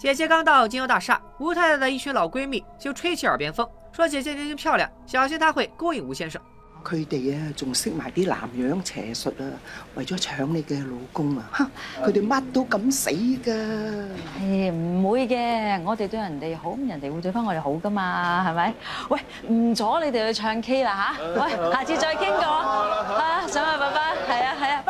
姐姐剛到金宵大廈，吳太太的一群老閨蜜就吹起耳邊風，說姐姐年輕漂亮，小心她會勾引吳先生。佢哋啊，仲識埋啲南洋邪術啊，為咗搶你嘅老公啊，哈！佢哋乜都敢死噶。誒、哎，唔會嘅，我哋對人哋好，人哋會對翻我哋好噶嘛，係咪？喂，唔阻你哋去唱 K 啦，吓、啊！喂， 下次再傾過，好啦，好啦，爸去拜拜，係啊，係 啊。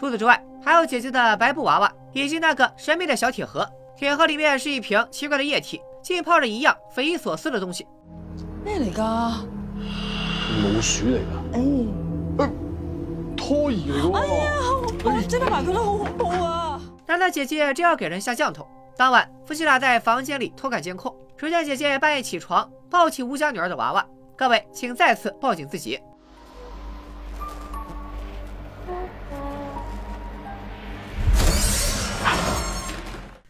除此之外，還有姐姐的白布娃娃，以及那個神秘的小鐵盒。鐵盒裏面是一瓶奇怪的液體，浸泡着一樣匪夷所思的東西。咩嚟噶？老鼠嚟噶？哎，拖兒嚟噶？哎呀，我整埋佢都好恐怖啊！難道姐姐真要給人下降頭？當晚，夫妻倆在房間裏偷看監控，只見姐姐半夜起床，抱起吳家女兒的娃娃。各位，請再次抱緊自己。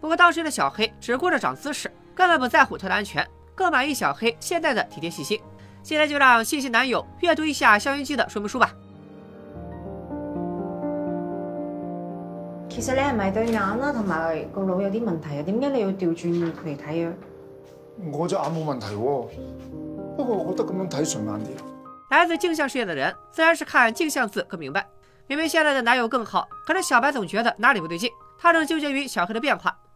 不過，當時的“小黑”只顧着漲姿勢，根本不在乎他的安全，更滿意“小黑”現在的體貼細心。現在就讓細心男友閱讀一下消音器的說明書吧。其實你係咪對眼啦？同埋個腦有啲問題啊？點解你要調轉嚟睇？我隻眼冇問題，不過我，我覺得咁樣睇順眼啲。來自鏡像世界的人，自然是看鏡像字更明白。明明現在的男友更好，可是小白總覺得哪裡不對勁，他正糾結於小黑的變化。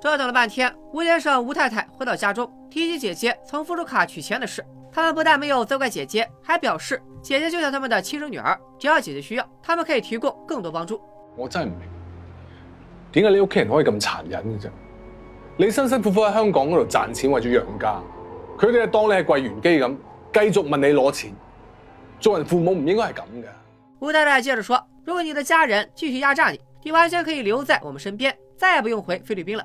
折騰了半天，吳先生、吳太太回到家中，提起姐姐從附屬卡取錢的事，他們不但沒有責怪姐姐，還表示姐姐就像他們的親生女兒，只要姐姐需要，他們可以提供更多幫助。我真係唔明，點解你屋企人可以咁殘忍嘅啫？你辛辛苦苦喺香港嗰度賺錢為咗養家，佢哋當你係櫃員機咁，繼續問你攞錢。做人父母唔應該係咁嘅。吳太太接着說：“如果你的家人繼續壓榨你，你完全可以留在我們身邊，再也不用回菲律賓了。”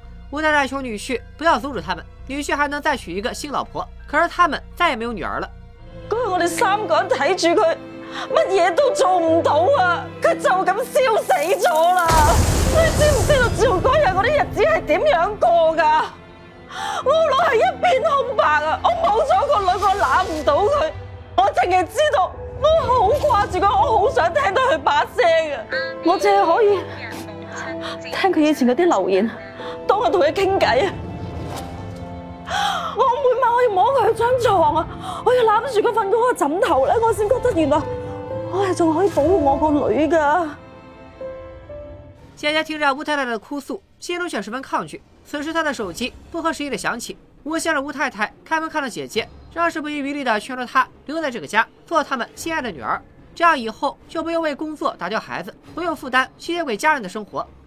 姑奶奶求女婿不要阻止他們，女婿還能再娶一個新老婆，可是他們再也沒有女兒了。今日我哋三個人睇住佢，乜嘢都做唔到啊！佢就咁燒死咗啦！ 你知唔知道做嗰日嗰啲日子係點樣過噶？我腦係一片空白啊！我冇咗個女，我攬唔到佢，我淨係知道我好掛住佢，我好想聽到佢把聲啊！嗯、我淨係可以聽佢以前嗰啲留言。當、啊、我同佢傾偈啊，我每晚我要摸佢張床啊，我要攬住佢瞓嗰個枕頭咧，我先覺得原來我係仲可以保護我個女噶。姐姐聽着吳太太的哭訴，心中卻十分抗拒。此時她的手機不合時宜地響起，接聽了吳太太開門看到姐姐，更是不遺餘力地勸說她留在這個家，做他們心愛的女兒，這樣以後就不用為工作打掉孩子，不用負擔吸血鬼家人的生活。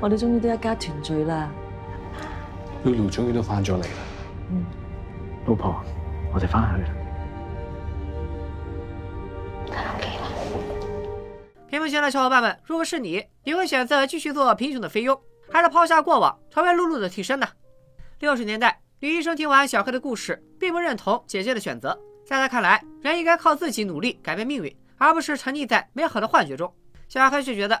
我哋終於都一家團聚啦！露露終於都翻咗嚟啦！嗯，老婆，我哋翻去啦。屏幕前的小伙伴們，如果是你，你會選擇繼續做貧窮的菲傭，還是拋下過往，成為露露的替身呢？六十年代，李醫生聽完小黑的故事，並不認同姐姐的選擇。在他看來，人應該靠自己努力改變命運，而不是沉溺在美好的幻覺中。小黑卻覺得。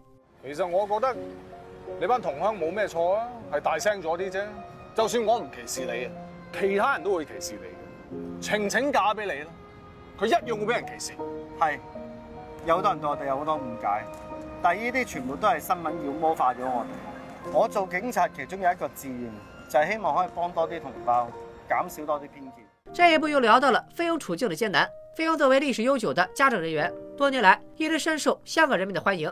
其實我覺得你班同鄉冇咩錯啊，係大聲咗啲啫。就算我唔歧視你啊，其他人都會歧視你。晴晴嫁俾你咧，佢一樣會俾人歧視。係有好多人對我哋有好多誤解，但係呢啲全部都係新聞妖魔化咗我哋。我做警察，其中有一個志願就係、是、希望可以幫多啲同胞，減少多啲偏見。這一步又聊到了菲傭處境的艱難。菲傭作為歷史悠久的家政人員，多年來一直深受香港人民的歡迎。